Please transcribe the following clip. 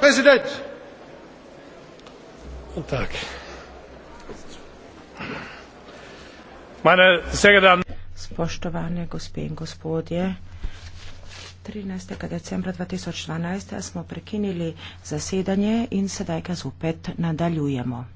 president Spoštovane gospe in gospodje, 13. decembra 2012 smo prekinili zasedanje in sedaj ga zopet nadaljujemo.